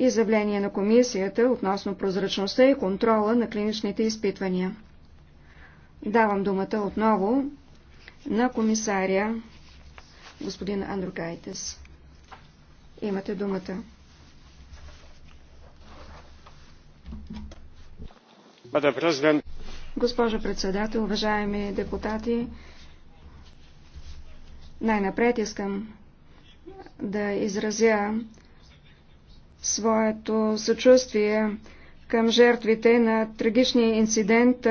изявление на комисията относно прозрачността и контрола на клиничните изпитвания. Давам думата отново на комисаря господин Андрукайтес. Имате думата. Госпожо председател, уважаеми депутати, най-напред искам да изразя своето съчувствие към жертвите на трагичния инцидент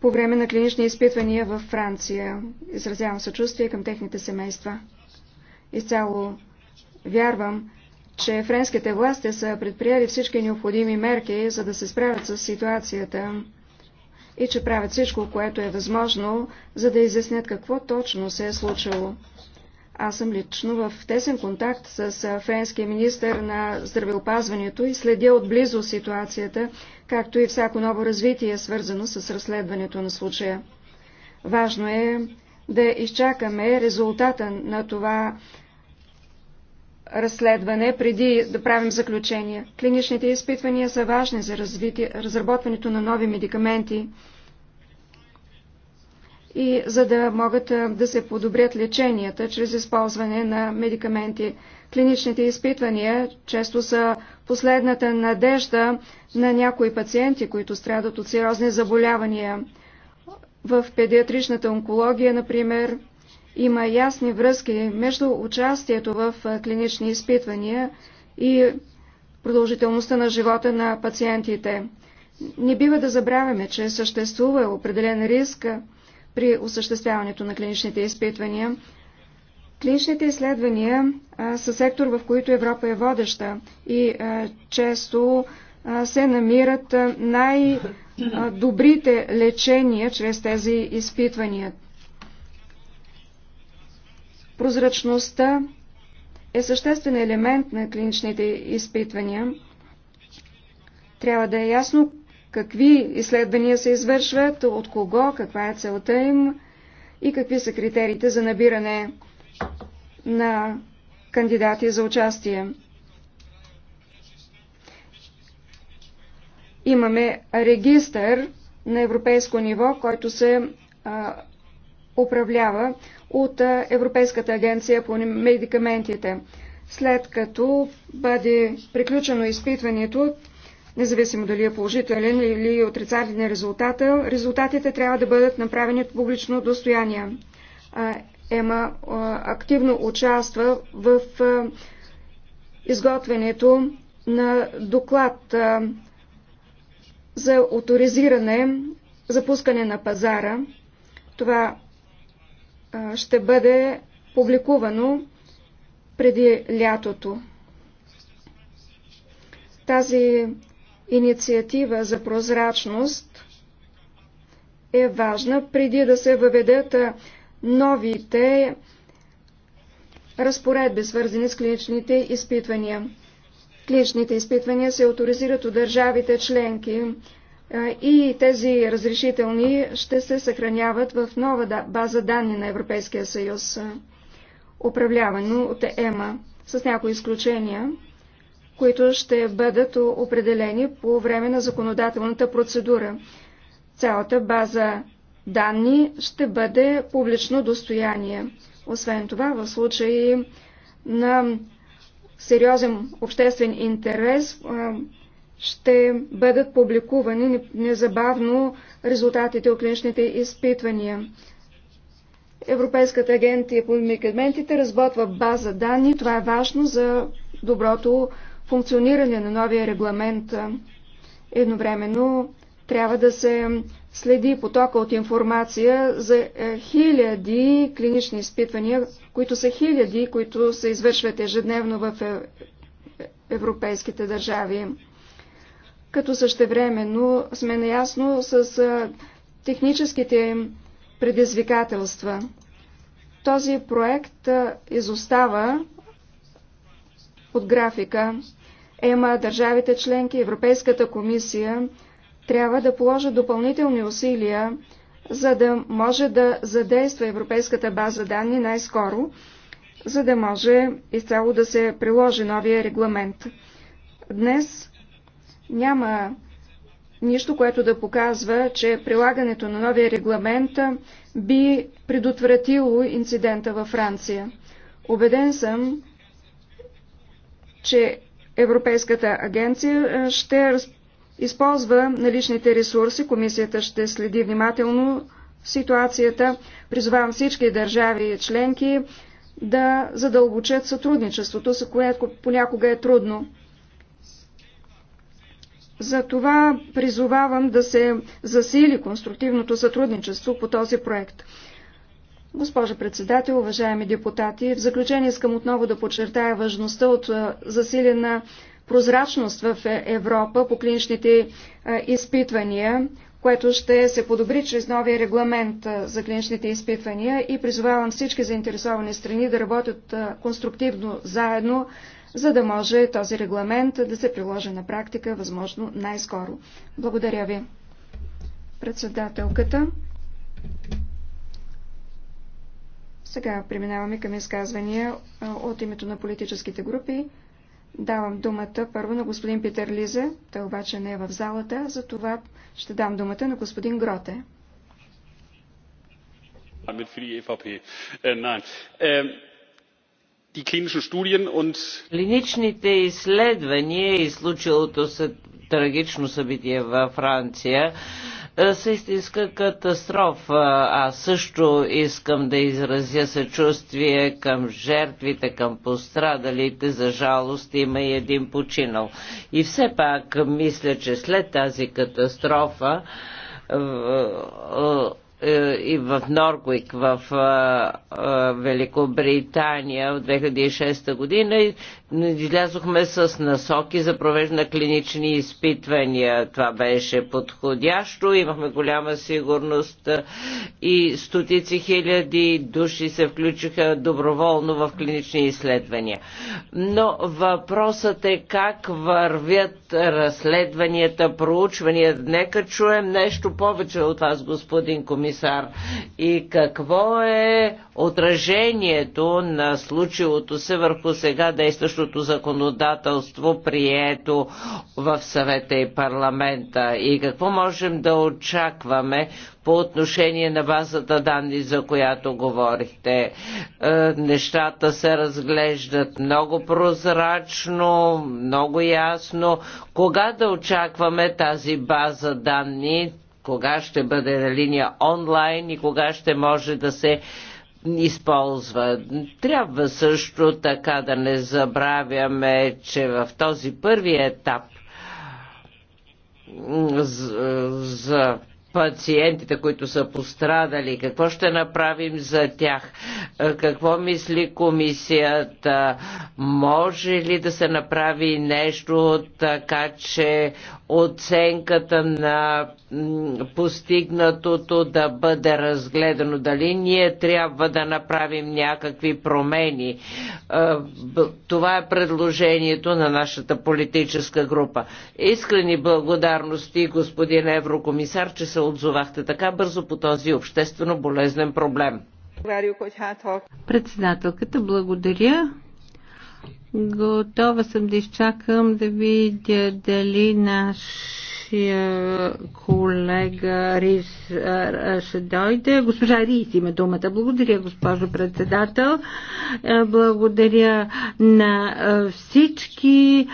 по време на клинични изпитвания във Франция. Изразявам съчувствие към техните семейства. Изцяло вярвам, че френските власти са предприели всички необходими мерки, за да се справят с ситуацията и че правят всичко, което е възможно, за да изяснят какво точно се е случило. Аз съм лично в тесен контакт с френския министр на здравеопазването и следя отблизо ситуацията, както и всяко ново развитие, свързано с разследването на случая. Важно е да изчакаме резултата на това разследване, преди да правим заключения. Клиничните изпитвания са важни за разработването на нови медикаменти, и за да могат да се подобрят леченията чрез използване на медикаменти. Клиничните изпитвания често са последната надежда на някои пациенти, които страдат от сериозни заболявания. В педиатричната онкология, например, има ясни връзки между участието в клинични изпитвания и продължителността на живота на пациентите. Не бива да забравяме, че съществува определен риск при осъществяването на клиничните изпитвания. Клиничните изследвания а, са сектор, в който Европа е водеща и а, често а, се намират най-добрите лечения чрез тези изпитвания. Прозрачността е съществен елемент на клиничните изпитвания. Трябва да е ясно какви изследвания се извършват, от кого, каква е целта им и какви са критериите за набиране на кандидати за участие. Имаме регистър на европейско ниво, който се а, управлява от Европейската агенция по медикаментите. След като бъде приключено изпитването, независимо дали е положителен или е отрицателен резултат, резултатите трябва да бъдат направени от публично достояние. Ема активно участва в изготвянето на доклад за авторизиране, запускане на пазара. Това ще бъде публикувано преди лятото. Тази инициатива за прозрачност е важна преди да се въведат новите разпоредби, свързани с клиничните изпитвания. Клиничните изпитвания се авторизират от държавите членки и тези разрешителни ще се съхраняват в нова база данни на Европейския съюз, управлявано от ЕМА, с някои изключения които ще бъдат определени по време на законодателната процедура. Цялата база данни ще бъде публично достояние. Освен това, в случай на сериозен обществен интерес, ще бъдат публикувани незабавно резултатите от клиничните изпитвания. Европейската агенция по медикаментите разботва база данни. Това е важно за доброто функциониране на новия регламент. Едновременно трябва да се следи потока от информация за е, хиляди клинични изпитвания, които са хиляди, които се извършват ежедневно в е, европейските държави. Като същевременно сме наясно с техническите предизвикателства. Този проект изостава от графика. ЕМА, държавите членки, Европейската комисия трябва да положат допълнителни усилия, за да може да задейства Европейската база данни най-скоро, за да може изцяло да се приложи новия регламент. Днес няма нищо, което да показва, че прилагането на новия регламент би предотвратило инцидента във Франция. Обеден съм, че Европейската агенция е, ще използва наличните ресурси. Комисията ще следи внимателно ситуацията. Призовавам всички държави и членки да задълбочат сътрудничеството, с което понякога е трудно. Затова призовавам да се засили конструктивното сътрудничество по този проект. Госпожа председател, уважаеми депутати, в заключение искам отново да подчертая важността от засилена прозрачност в е, Европа по клиничните изпитвания, което ще се подобри чрез новия регламент за клиничните изпитвания и призовавам всички заинтересовани страни да работят конструктивно заедно, за да може този регламент да се приложи на практика възможно най-скоро. Благодаря ви. Председателката. Сега преминаваме към изказвания от името на политическите групи. Давам думата първо на господин Питер Лизе, той обаче не е в залата, затова ще дам думата на господин Гроте. Е е, е, Клиничните изследвания и случилото се трагично събитие във Франция е, са истинска катастрофа. Аз също искам да изразя съчувствие към жертвите, към пострадалите. За жалост има и един починал. И все пак мисля, че след тази катастрофа е, е, и в Норгвик, в Великобритания от 2006 година излязохме с насоки за провеждане на клинични изпитвания. Това беше подходящо, имахме голяма сигурност и стотици хиляди души се включиха доброволно в клинични изследвания. Но въпросът е как вървят разследванията, проучвания. Нека чуем нещо повече от вас, господин комисар. И какво е отражението на случилото се върху сега действащо същото законодателство, прието в съвета и парламента. И какво можем да очакваме по отношение на базата данни, за която говорихте. Е, нещата се разглеждат много прозрачно, много ясно. Кога да очакваме тази база данни? Кога ще бъде на линия онлайн и кога ще може да се използва. Трябва също така да не забравяме, че в този първи етап за, за пациентите, които са пострадали, какво ще направим за тях, какво мисли комисията, може ли да се направи нещо така, че оценката на постигнатото да бъде разгледано. Дали ние трябва да направим някакви промени. Е, това е предложението на нашата политическа група. Искрени благодарности, господин еврокомисар, че се отзовахте така бързо по този обществено болезнен проблем. Председателката, благодаря. Готова съм да изчакам да видя дали нашия колега Рис ще дойде. Госпожа Рис има думата. Благодаря, госпожо председател. Благодаря на всички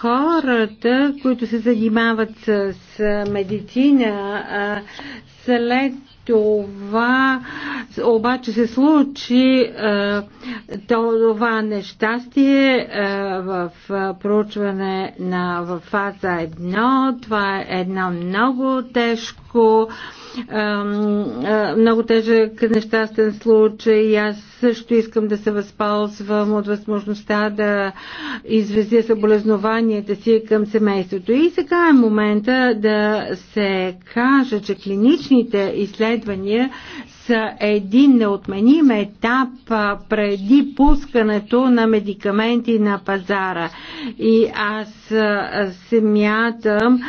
хората, които се занимават с медицина, след това обаче се случи е, това нещастие е, в е, проучване на в фаза 1. Това е едно много тежко много тежък нещастен случай. Аз също искам да се възползвам от възможността да извезя съболезнованията си към семейството. И сега е момента да се каже, че клиничните изследвания изследвания са един неотменим етап преди пускането на медикаменти на пазара. И аз смятам,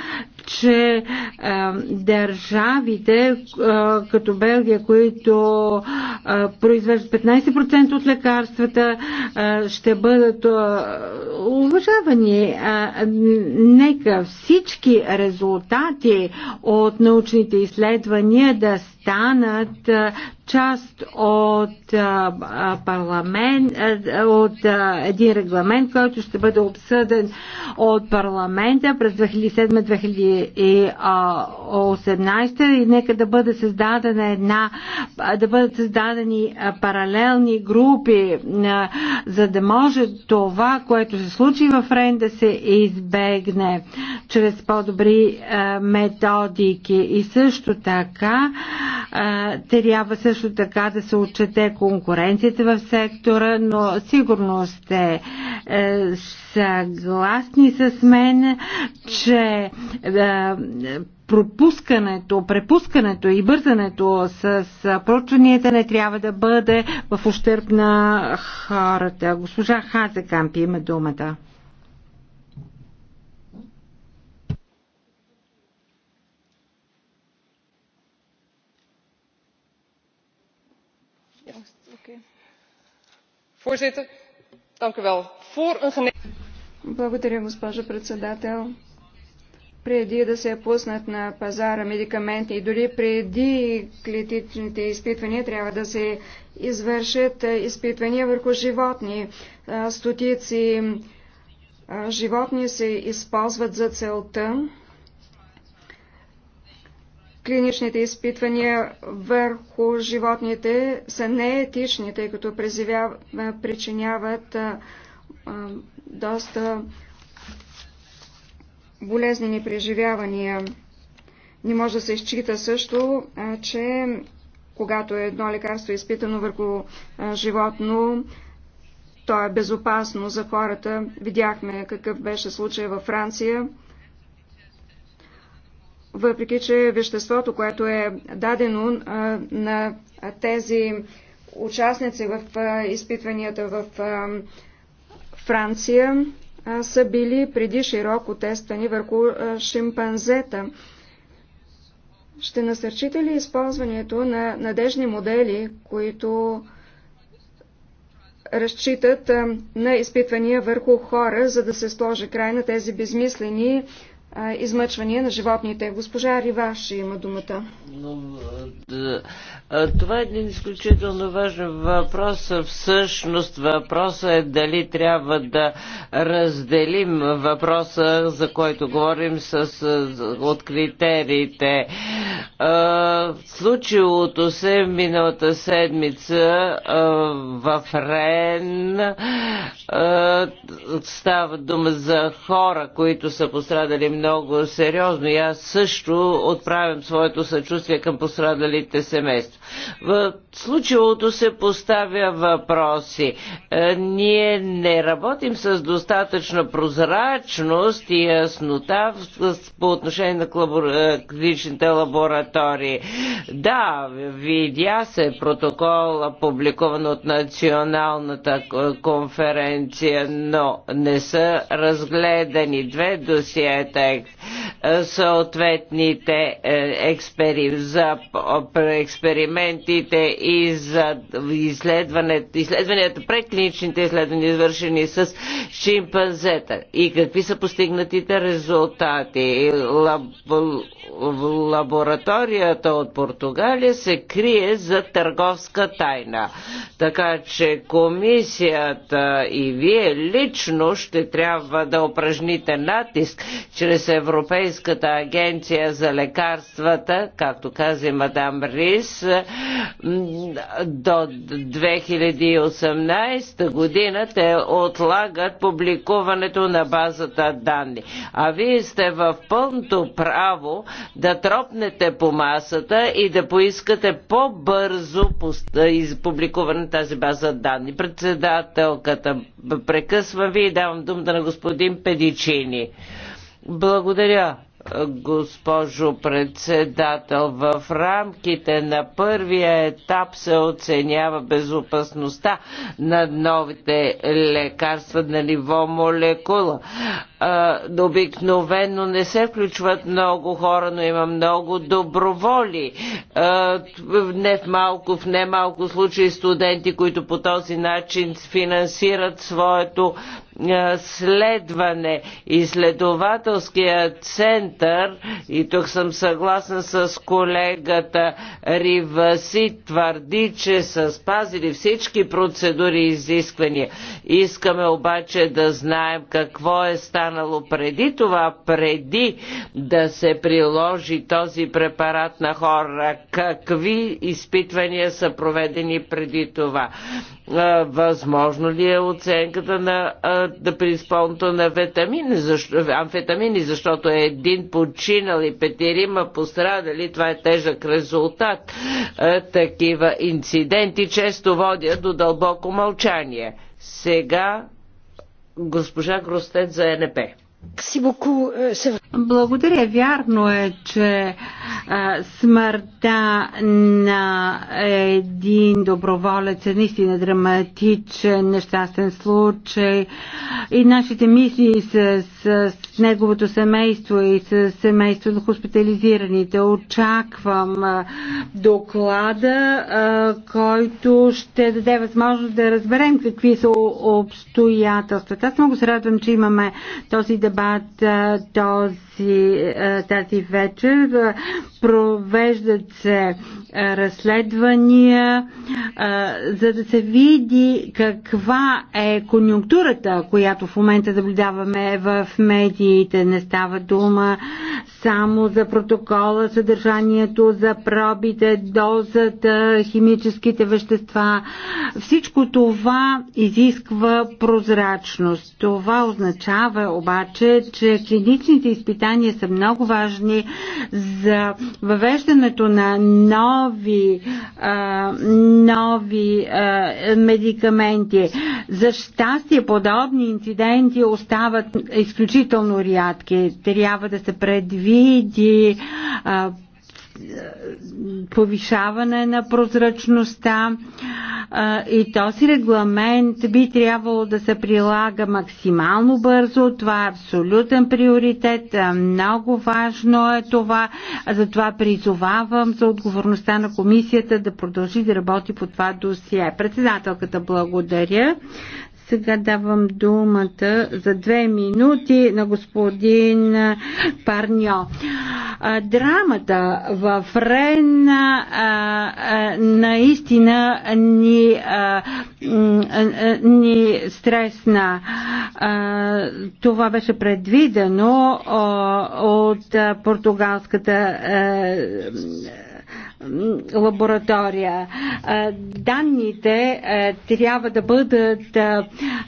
че а, е, държавите а, е, като Белгия, които а, е, произвеждат 15% от лекарствата, а, ще бъдат а, уважавани. А, нека всички резултати от научните изследвания да станат част от парламент, от един регламент, който ще бъде обсъден от парламента през 2007-2018 и нека да бъде създадена една, да бъдат създадени паралелни групи, за да може това, което се случи в Рен, да се избегне чрез по-добри методики. И също така трябва също също така да се отчете конкуренцията в сектора, но сигурно сте е, съгласни с мен, че е, пропускането, препускането и бързането с проучванията не трябва да бъде в ущерб на хората. Госпожа Хазекамп има думата. Voorzitter, dank u wel. Voor een Благодаря, госпожо председател. Преди да се пуснат на пазара медикаменти и дори преди клетичните изпитвания трябва да се извършат изпитвания върху животни. Стотици животни се използват за целта клиничните изпитвания върху животните са неетични, тъй като причиняват доста болезнени преживявания. Не може да се изчита също, че когато едно лекарство е изпитано върху животно, то е безопасно за хората. Видяхме какъв беше случай във Франция въпреки че веществото, което е дадено на тези участници в изпитванията в Франция, са били преди широко тествани върху шимпанзета. Ще насърчите ли използването на надежни модели, които разчитат на изпитвания върху хора, за да се сложи край на тези безмислени измъчвания на животните. Госпожа Риваш има думата. Това е един изключително важен въпрос. Всъщност въпросът е дали трябва да разделим въпроса, за който говорим с, от критериите. Случилото се миналата седмица в Рен става дума за хора, които са пострадали много сериозно и аз също отправям своето съчувствие към пострадалите семейства. В случилото се поставя въпроси. Е, ние не работим с достатъчна прозрачност и яснота по отношение на е, клиничните лаборатории. Да, видя се протокол, публикуван от Националната конференция, но не са разгледани две досиета проект. Е, съответните е, експери... за експериментите и за изследванията, изследванията предклиничните изследвания, извършени с шимпанзета. И какви са постигнатите резултати? Лаб... Лабораторията от Португалия се крие за търговска тайна. Така че комисията и вие лично ще трябва да упражните натиск чрез през Европейската агенция за лекарствата, както каза мадам Рис, до 2018 година те отлагат публикуването на базата данни. А вие сте в пълното право да тропнете по масата и да поискате по-бързо публикуване на тази база данни. Председателката, прекъсва ви и давам думата на господин Педичини. Благодаря, госпожо председател. В рамките на първия етап се оценява безопасността на новите лекарства на ниво молекула а, обикновено не се включват много хора, но има много доброволи. А, не в малко, в немалко случаи студенти, които по този начин финансират своето следване. Изследователския център, и тук съм съгласна с колегата Риваси, твърди, че са спазили всички процедури и изисквания. Искаме обаче да знаем какво е станало станало преди това, преди да се приложи този препарат на хора, какви изпитвания са проведени преди това. Възможно ли е оценката на, да при на витамини, защо, амфетамини, защото е един починал и петерима пострадали, това е тежък резултат. Такива инциденти често водят до дълбоко мълчание. Сега госпожа Гростет за НП. Euh, Благодаря. Вярно е, че смъртта на един доброволец е наистина драматичен, нещастен случай. И нашите мисли с, с, неговото семейство и с семейството на хоспитализираните. Очаквам доклада, който ще даде възможност да разберем какви са обстоятелствата. Аз много се радвам, че имаме този дебат дебат. Този тази, е, тази вечер. Провеждат се е, разследвания, е, за да се види каква е конюнктурата, която в момента наблюдаваме в медиите. Не става дума само за протокола, съдържанието, за пробите, дозата, химическите вещества. Всичко това изисква прозрачност. Това означава обаче, че клиничните изпитания изпитания са много важни за въвеждането на нови, а, нови а, медикаменти. За щастие подобни инциденти остават изключително рядки. Трябва да се предвиди а, повишаване на прозрачността и този регламент би трябвало да се прилага максимално бързо. Това е абсолютен приоритет. Много важно е това. Затова призовавам за отговорността на комисията да продължи да работи по това досие. Председателката благодаря. Сега давам думата за две минути на господин Парньо. Драмата в Рен наистина ни, ни стресна. Това беше предвидено от португалската лаборатория. Данните трябва да бъдат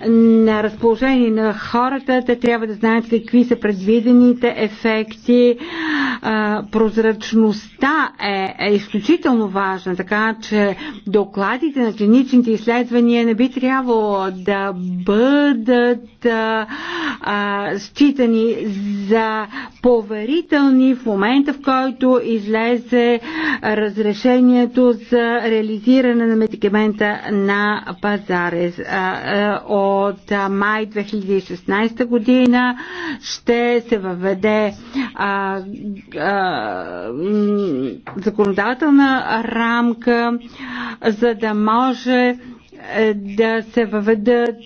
на разположение на хората, те трябва да знаят какви са предвидените ефекти. Прозрачността е, е изключително важна, така че докладите на клиничните изследвания не би трябвало да бъдат считани за поверителни в момента, в който излезе раз разрешението за реализиране на медикамента на пазаре. От май 2016 година ще се въведе законодателна рамка, за да може е, да се въведат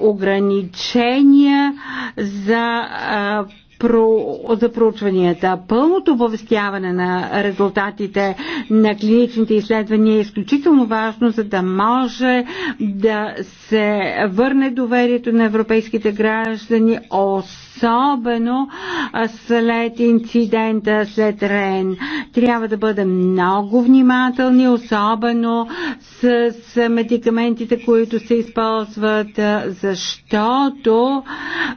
ограничения за а, про, за проучванията. Пълното оповестяване на резултатите на клиничните изследвания е изключително важно, за да може да се върне доверието на европейските граждани, особено след инцидента, след Рен. Трябва да бъдем много внимателни, особено с, с медикаментите, които се използват, защото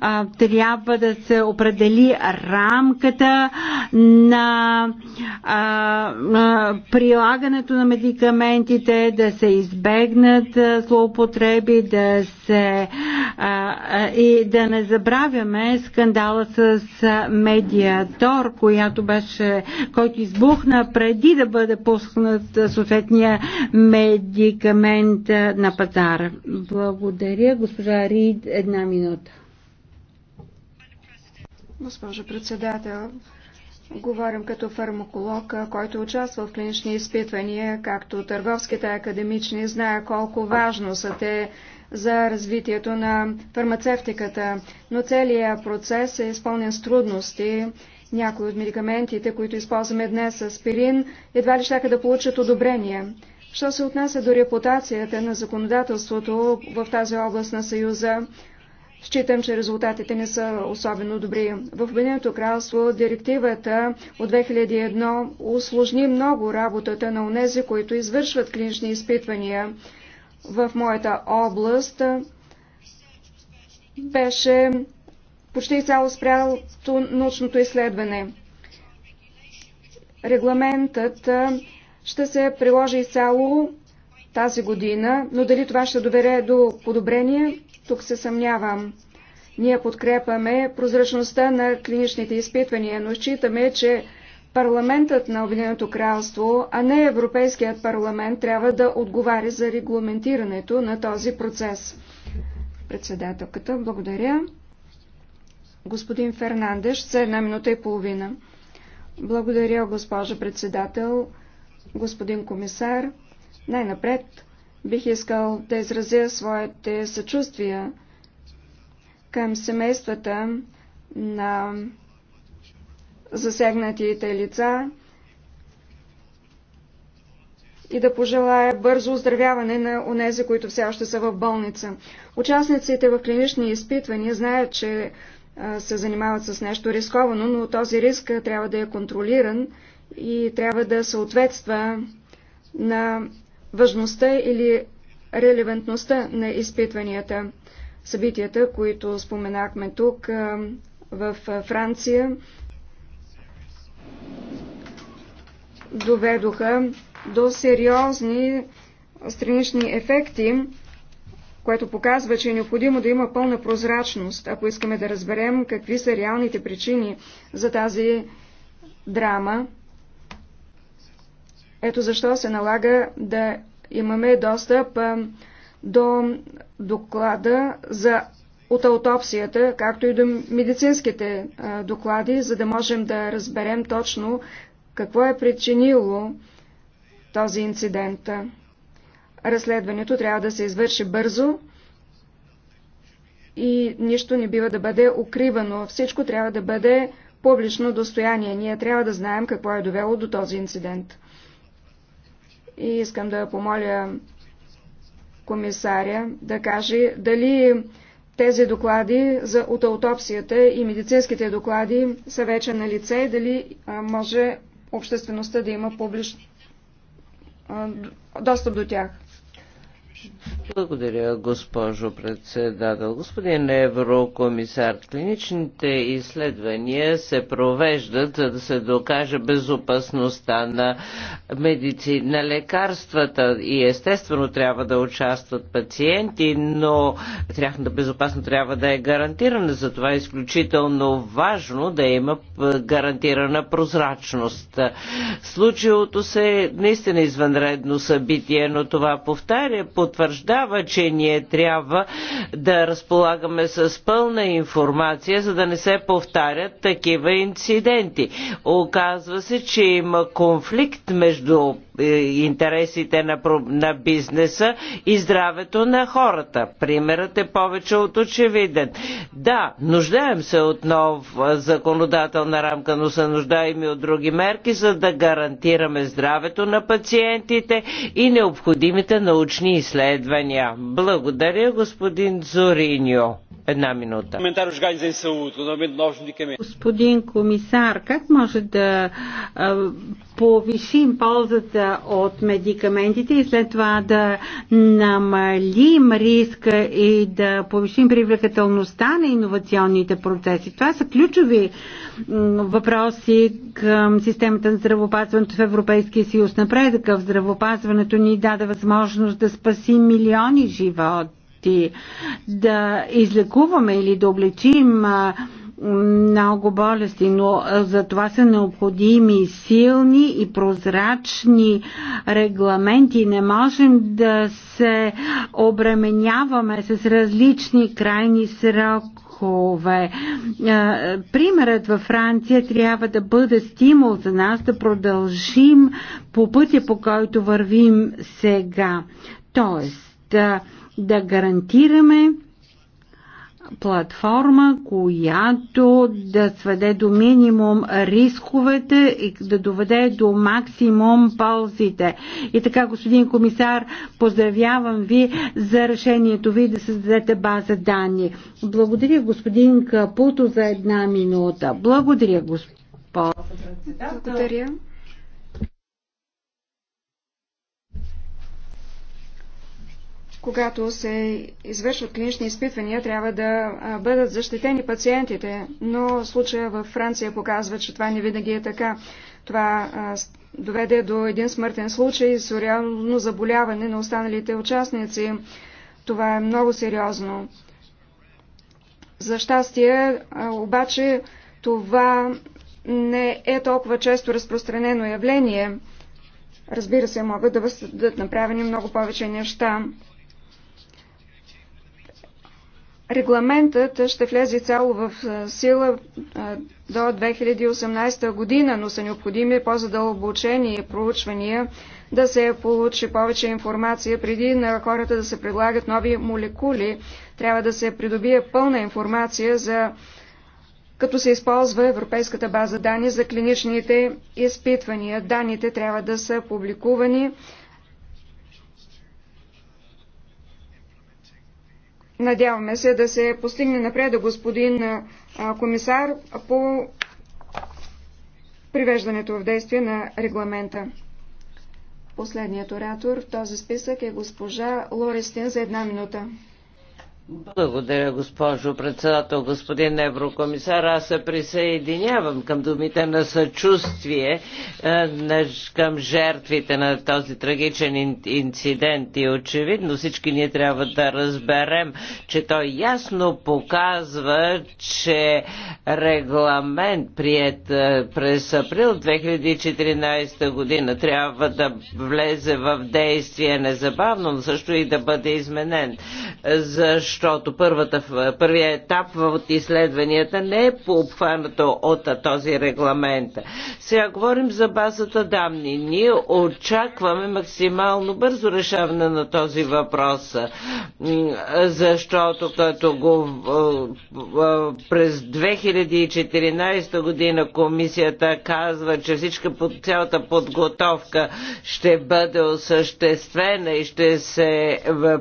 а, трябва да се определи рамката на а, а, прилагането на медикаментите, да се избегнат а, злоупотреби, да се а, а, и да не забравяме скандала с медиатор, която беше, който избухна преди да бъде пуснат съответния медиатор медикамента на пазара. Благодаря. Госпожа Рид, една минута. Госпожо председател, говорим като фармаколог, който участва в клинични изпитвания, както търговските академични, знае колко важно са те за развитието на фармацевтиката, но целият процес е изпълнен с трудности. Някои от медикаментите, които използваме днес, аспирин, едва ли ще да получат одобрение. Що се отнася до репутацията на законодателството в тази област на Съюза, Считам, че резултатите не са особено добри. В Обединеното кралство директивата от 2001 усложни много работата на унези, които извършват клинични изпитвания. В моята област беше почти цяло спрялото научното изследване. Регламентът ще се приложи изцяло тази година, но дали това ще доведе до подобрение, тук се съмнявам. Ние подкрепаме прозрачността на клиничните изпитвания, но считаме, че парламентът на Обединеното кралство, а не Европейският парламент, трябва да отговаря за регламентирането на този процес. Председателката, благодаря. Господин Фернандеш, за една минута и половина. Благодаря, госпожа председател господин комисар, най-напред бих искал да изразя своите съчувствия към семействата на засегнатите лица и да пожелая бързо оздравяване на онези, които все още са в болница. Участниците в клинични изпитвания знаят, че се занимават с нещо рисковано, но този риск трябва да е контролиран и трябва да съответства на важността или релевантността на изпитванията. Събитията, които споменахме тук в Франция, доведоха до сериозни странични ефекти, което показва, че е необходимо да има пълна прозрачност, ако искаме да разберем какви са реалните причини за тази драма ето защо се налага да имаме достъп до доклада за от аутопсията, както и до медицинските доклади, за да можем да разберем точно какво е причинило този инцидент. Разследването трябва да се извърши бързо и нищо не бива да бъде укривано. Всичко трябва да бъде публично достояние. Ние трябва да знаем какво е довело до този инцидент. И искам да помоля комисаря да каже дали тези доклади за, от аутопсията и медицинските доклади са вече на лице и дали а, може обществеността да има публич... а, достъп до тях. Благодаря, госпожо председател. Господин еврокомисар, клиничните изследвания се провеждат, за да се докаже безопасността на, медици... на лекарствата и естествено трябва да участват пациенти, но тяхната безопасност трябва да е гарантирана. Затова е изключително важно да има гарантирана прозрачност. Случилото се е наистина извънредно събитие, но това повтаря под потвърждава, че ние трябва да разполагаме с пълна информация, за да не се повтарят такива инциденти. Оказва се, че има конфликт между е, интересите на, на бизнеса и здравето на хората. Примерът е повече от очевиден. Да, нуждаем се от нов е, законодателна рамка, но се нуждаем и от други мерки, за да гарантираме здравето на пациентите и необходимите научни изследвания. Благодаря, господин Зориньо. Една минута. Господин комисар, как може да повишим ползата от медикаментите и след това да намалим риска и да повишим привлекателността на иновационните процеси? Това са ключови въпроси към системата на здравопазването в Европейския съюз. Напредъка в здравопазването ни даде възможност да спасим милиони животи болести, да излекуваме или да облечим много болести, но за това са необходими силни и прозрачни регламенти. Не можем да се обременяваме с различни крайни срокове. Примерът във Франция трябва да бъде стимул за нас да продължим по пътя, по който вървим сега. Тоест, да гарантираме платформа, която да сведе до минимум рисковете и да доведе до максимум ползите. И така, господин комисар, поздравявам ви за решението ви да създадете база данни. Благодаря господин Капуто за една минута. Благодаря, господин. Благодаря. когато се извършват клинични изпитвания, трябва да бъдат защитени пациентите, но случая във Франция показва, че това не винаги е така. Това доведе до един смъртен случай с реално заболяване на останалите участници. Това е много сериозно. За щастие, обаче, това не е толкова често разпространено явление. Разбира се, могат да бъдат направени много повече неща. Регламентът ще влезе цяло в сила до 2018 година, но са необходими по-задълбочени проучвания да се получи повече информация преди на хората да се предлагат нови молекули. Трябва да се придобие пълна информация за като се използва Европейската база данни за клиничните изпитвания. Данните трябва да са публикувани Надяваме се да се постигне напреда, господин комисар, по привеждането в действие на регламента. Последният оратор в този списък е госпожа Лористин за една минута. Благодаря, госпожо председател, господин еврокомисар. Аз се присъединявам към думите на съчувствие е, към жертвите на този трагичен инцидент и очевидно всички ние трябва да разберем, че той ясно показва, че регламент прият е, през април 2014 година трябва да влезе в действие незабавно, но също и да бъде изменен. Защо защото първата, първия етап от изследванията не е пообхванато от този регламент. Сега говорим за базата данни. Ние очакваме максимално бързо решаване на този въпрос, защото като го през 2014 година комисията казва, че всичка, цялата подготовка ще бъде осъществена и ще се е,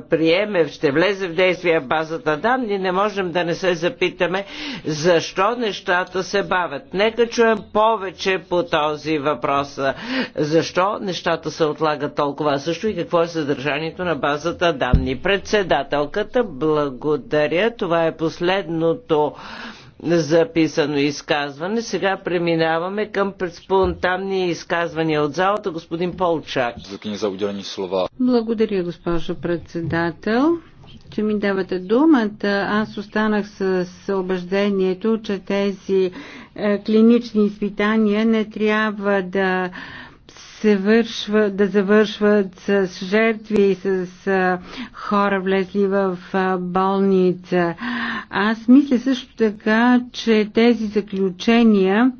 приеме, ще влезе в действие базата данни, не можем да не се запитаме защо нещата се бавят. Нека чуем повече по този въпрос. Защо нещата се отлагат толкова? Също и какво е съдържанието на базата данни. Председателката, благодаря. Това е последното записано изказване. Сега преминаваме към спонтанни изказвания от залата. Господин Полчак. Благодаря, госпожо председател че ми давате думата. Аз останах с убеждението, че тези е, клинични изпитания не трябва да се вършва, да завършват с жертви и с е, хора влезли в е, болница. Аз мисля също така, че тези заключения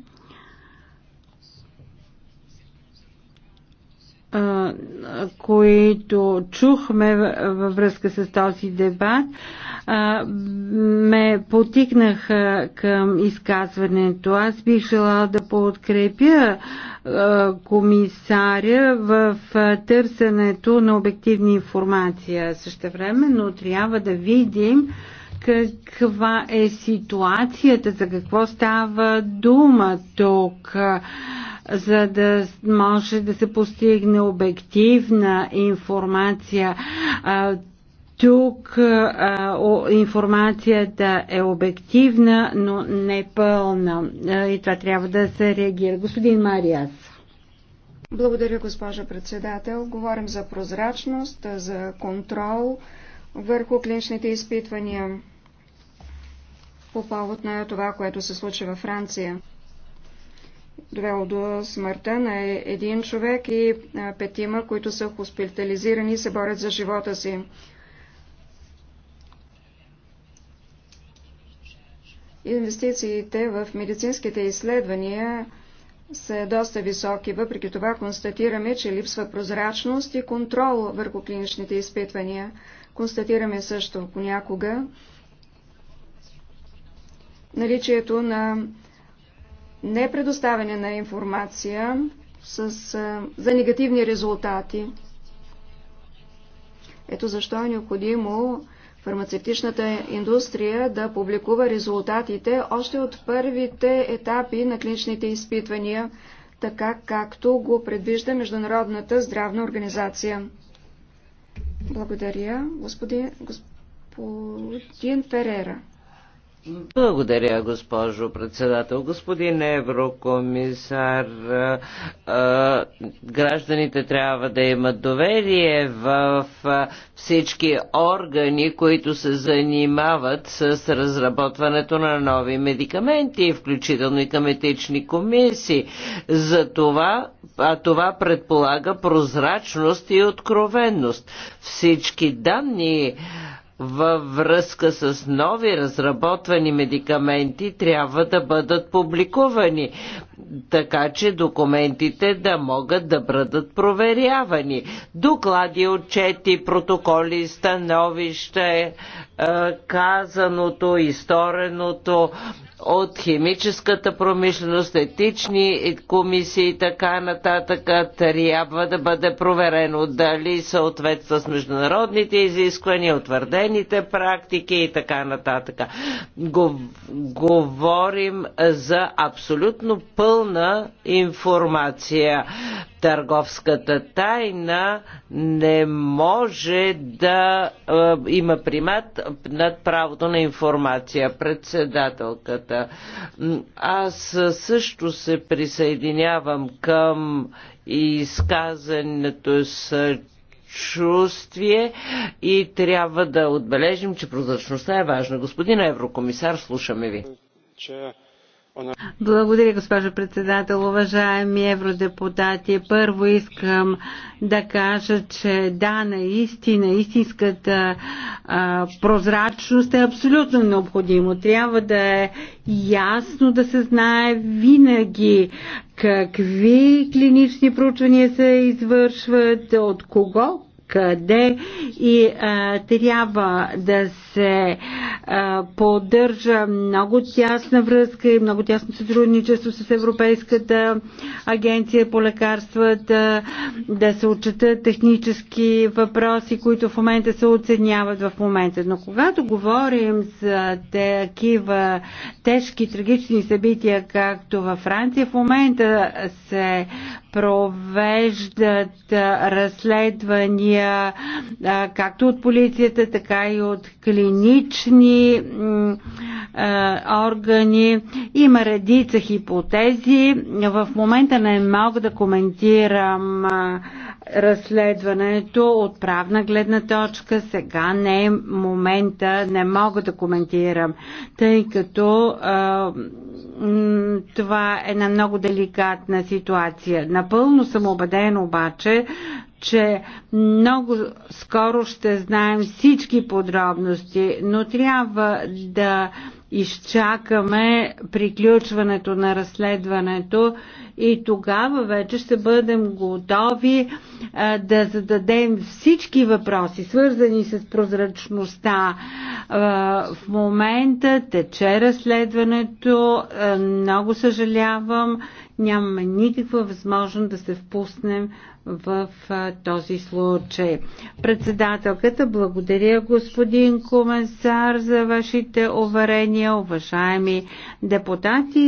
които чухме във връзка с този дебат, ме потикнаха към изказването. Аз бих желала да подкрепя комисаря в търсенето на обективна информация. Също време, но трябва да видим каква е ситуацията, за какво става дума тук за да може да се постигне обективна информация. Тук а, о, информацията е обективна, но не пълна. А, и това трябва да се реагира. Господин Мариас. Благодаря, госпожа председател. Говорим за прозрачност, за контрол върху клиничните изпитвания по повод на това, което се случи във Франция довело до смъртта на един човек и петима, които са хоспитализирани и се борят за живота си. Инвестициите в медицинските изследвания са доста високи. Въпреки това констатираме, че липсва прозрачност и контрол върху клиничните изпитвания. Констатираме също понякога наличието на не предоставяне на информация с, за негативни резултати. Ето защо е необходимо фармацевтичната индустрия да публикува резултатите още от първите етапи на клиничните изпитвания, така както го предвижда Международната здравна организация. Благодаря, господин, господин Ферера. Благодаря, госпожо председател. Господин еврокомисар, гражданите трябва да имат доверие в всички органи, които се занимават с разработването на нови медикаменти, включително и към етични комисии. За това, а това предполага прозрачност и откровенност. Всички данни във връзка с нови разработвани медикаменти трябва да бъдат публикувани, така че документите да могат да бъдат проверявани. Доклади, отчети, протоколи, становища, е, казаното изтореното, от химическата промишленост, етични комисии и така нататък, трябва да бъде проверено дали съответства с международните изисквания, утвърдените практики и така нататък. Говорим за абсолютно пълна информация. Търговската тайна не може да е, има примат над правото на информация. Председателката. Аз също се присъединявам към изказането с чувствие и трябва да отбележим, че прозрачността е важна. Господин еврокомисар, слушаме ви. Че благодаря, госпожо председател. Уважаеми евродепутати, първо искам да кажа, че да, наистина, истинската а, прозрачност е абсолютно необходимо. Трябва да е ясно да се знае винаги какви клинични проучвания се извършват, от кого, къде и а, трябва да се поддържа много тясна връзка и много тясно сътрудничество с Европейската агенция по лекарствата, да се отчитат технически въпроси, които в момента се оценяват в момента. Но когато говорим за такива тежки, трагични събития, както във Франция, в момента се провеждат разследвания както от полицията, така и от клиентите клинични органи. Има редица хипотези. В момента не мога да коментирам разследването от правна гледна точка. Сега не е момента, не мога да коментирам, тъй като а, това е една много деликатна ситуация. Напълно съм убеден обаче, че много скоро ще знаем всички подробности, но трябва да изчакаме приключването на разследването и тогава вече ще бъдем готови а, да зададем всички въпроси, свързани с прозрачността. А, в момента тече разследването. А, много съжалявам, нямаме никаква възможност да се впуснем в този случай. Председателката, благодаря господин Комесар за вашите уверения, уважаеми депутати.